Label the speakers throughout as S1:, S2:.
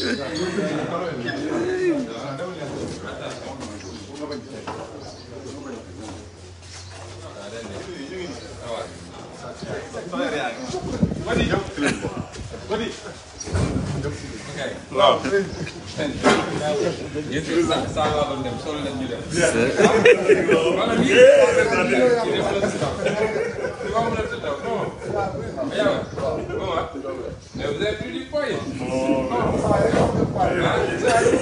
S1: waaw.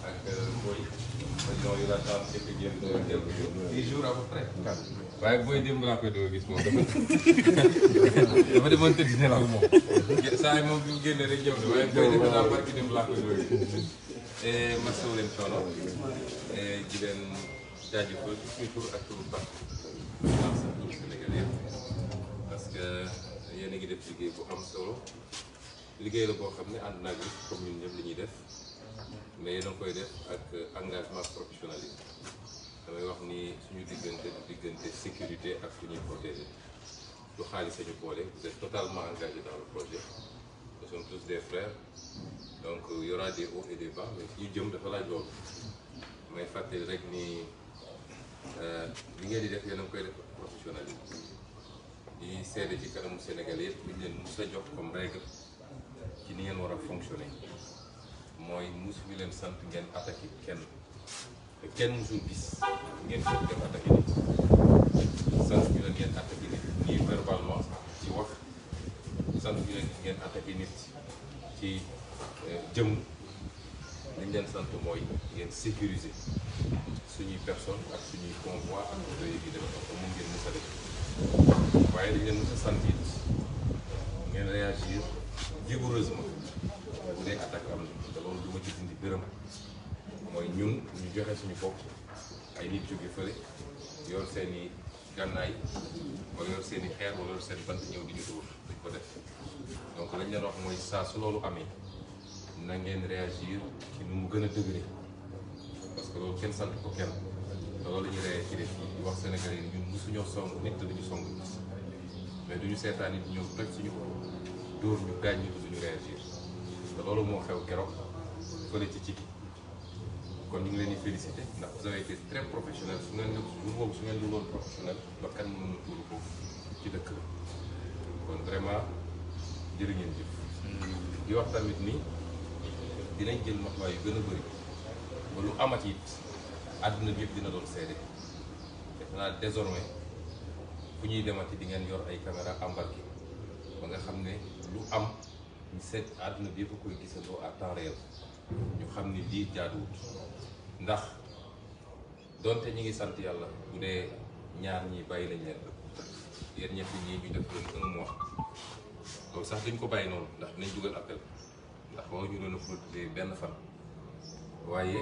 S1: ak Boy. disons il attend ce que Diène doon def dix jours à peu près. waaye Boy démb laa koy doon gis moom dafa dafa demoon tëdd nelaw moom. saa yi moom bi mu génnee rek jëm na waaye Boy defe naa barki démb laa koy doon gis. masawu leen coono di leen jaajëfal suñu ak turu baax dans sa tur Sénégal yëpp parce que yéen a ngi def liggéey bu am solo liggéey la boo xam ne ànd naa comme ñun ñëpp li ñuy def. mais yéen a koy def ak engagement professionnalisme damay wax ni suñu diggante diggante sécurité ak fu ñuy protéger du xaalis sañu boole vous totalement engagé dans le projet nous sommes tous des frères donc il y aura des hauts mais fi jëm dafa laaj loolu may fàttali rek ni euh, li ngeen di def yéen koy def professionnalisme di seede ci kanamu Sénégal yëpp li ñu leen mos a jox comme règle ci ni ngeen war a fonctionner mooy mosuñu leen sant ngeen attaqué kenn kenn mosul gis ngeen jot def attaqué nit sant ñu leen ngeen attaqué nit nii verbalement ci wax sant ñu leen ngeen attaqué nit ci euh, jëm liñ leen sant mooy ngeen sécurisé suñuy personnes ak suñuy convoi ak oto yi di def parce que ngeen mos a def waaye dañ leen mos a sant it ngeen réagir. vigoureusement bu dee attaque am na loolu du ma ci dindi dërëm mooy ñun ñu joxe suñu bopp ay nit jóge fële yor seen i gànnaay wala yor seen i xeer wala yor seen bant ñëw di ñu dóor dañ ko def donc lañ leen wax mooy saa loolu amee na ngeen réagir ci nu mu gën a dëgëre parce que loolu kenn sant ko kenn te loolu song nit duñu song mais duñu seetaan nit toj suñu bopp. dóor ñu gaañ ñu duñu réagir loolu moo xew keroog fële ci ciki kon ñu ngi leen di félicité ndax vous avez été très professionnel su ngeen def jour boobu professionnel ba kan mën na tuuru foofu ci dëkk la kon vraiment jërë ngeen jëf di wax tamit ni dinañ jël matuwaay yu gën a bëri ba lu amat it àdduna bi yëpp dina doon seede def naa désormais fu ñuy demat di ngeen yor ay caméra embarqué ba nga xam ne lu am seet àdduna bi yëpp koy gisandoo à temps ñu xam ni lii jaaduwut ndax donte ñi ngi sant yàlla bu dee ñaar ñi bàyyi lañ leen yéen ñett sax dañ ko bàyyi noonu ndax dinañ dugal appel ndax waw ñu doon a produire benn fan waaye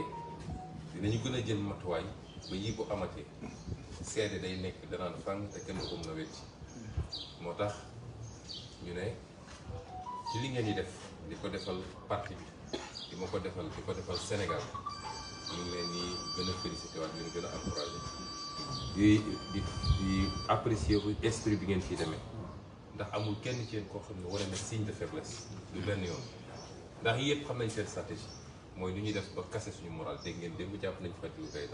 S1: dinañu gën a jël matuwaay ba yi bu amatee seede day nekk danaan fang te kenn ko mën a wecc moo tax ñu ne ci li ngeen di def di ko defal parti bi di ma ko defal di ko defal Sénégal ñu ngi leen di gën a félicité waat bu esprit bi ngeen ciy demee ndax amul kenn ci yéen koo xam ne wane na signe de faiblesse du benn yoon ndax yëpp xam nañ seen stratégie mooy lu ñuy def ba kase suñu moral dégg ngeen démb jàpp nañ Fatou Ndiaye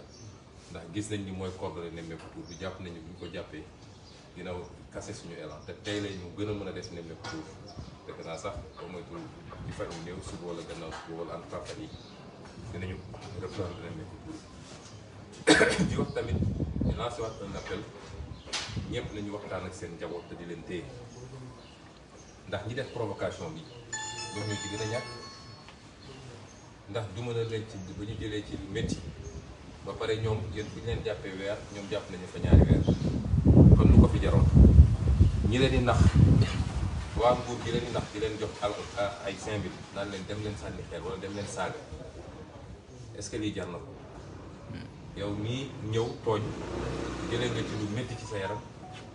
S1: ndax gis nañ ni mooy coordonné nemmeeku tuur bi jàpp nañu bu ñu ko jàppee dina kase suñu élan te tey la gën a mën a def nemmeeku tuur dëkk naa sax ba moytu ci fan yu néew suba wala gannaaw suba wala en tout yi dinañu reprendre dinañ leen ko tuur di wax tamit di lancer waat un appel ñëpp nañu waxtaan ak seen njaboot te di leen téye ndax ñi def provocation bi ndax du mën a leen ci ñu jëlee ci lu métti ba pare ñoom yéen bu ñu leen jàppee weer ñoom jàpp nañu fa ñaari weer kon lu ko fi jaroon ñi leen nax. waa nguur gi leen ndax di leen jox al ay cinq mille leen dem leen sànni xeer wala dem leen saaga est-ce que lii jar na ko yow mii ñëw tooñ jëlee nga ci lu métti ci sa yaram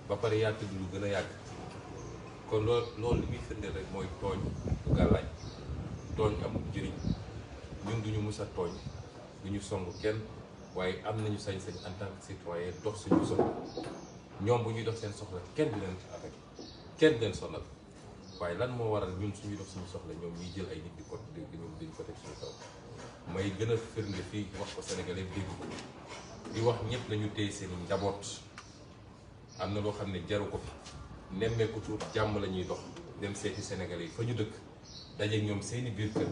S1: ba pare yaa tudd lu gën a yàgg kon loolu loolu li muy firndeel rek mooy tooñ du gàllaaj tooñ amul njëriñ ñun duñu mus a tooñ duñu song kenn waaye am nañu sañ-sañ en tant que citoyen dox suñu soxla ñoom bu ñuy dox seen soxla kenn du leen attaqué kenn leen sonal waaye lan moo waral ñun suñuy dox suñu soxla ñoom ñuy jël ay nit di ko di di ko teg suñu kaw may gën a firnde fii wax ko sénégalais dégg ko di wax ñépp lañu téye seen njaboot am na loo xam ne jaru ko fi nemmeeku tuut jàmm la ñuy dox dem seeni sénégalais yi fa ñu dëkk dajeeg ñoom seeni biir kër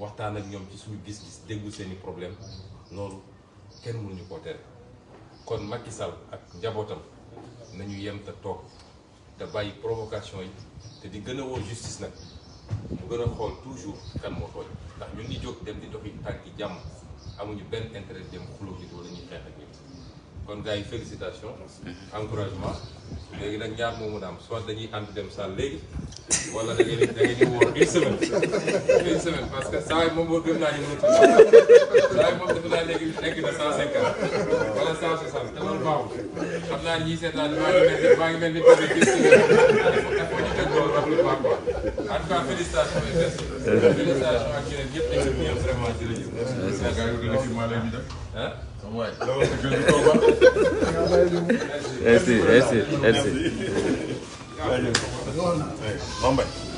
S1: waxtaan ak ñoom ci suñu gis-gis déggu seen problème loolu kenn mënuñu koo tere kon Macky sal ak njabootam nañu yem te toog. te bàyyi provocation yi te di gën a woo justice nag mu gën a xool toujours kan moo xool ndax ñu ñi jóg dem di doxi tànki jàmm amuñu benn intérêt dem xuloo nit wala ñuy xeex ak nit kon gars yi félicitation encouragement léegi nag ñaar moo mën a am soit dañuy ànd dem saal léegi wala da ngeen da ngeen di wóor une semaine une semaine parce que saa yi moom boo gëm naa ñu mënut a saa yi moom defe naa léegi nekk na cent cinquante wala cent soixante te loolu baaxul xam naa ñii seetaan maa ngi mel ni maa ngi mel ni pare gis nga dafa ñu teg loolu wax lu baax quoi en tout cas félicitation et merci félicitation ak yeneen ñëpp dañu leen vraiment jërëjëf. merci beaucoup Sénégal yi dina fi maa leen di def. Merci, merci, merci.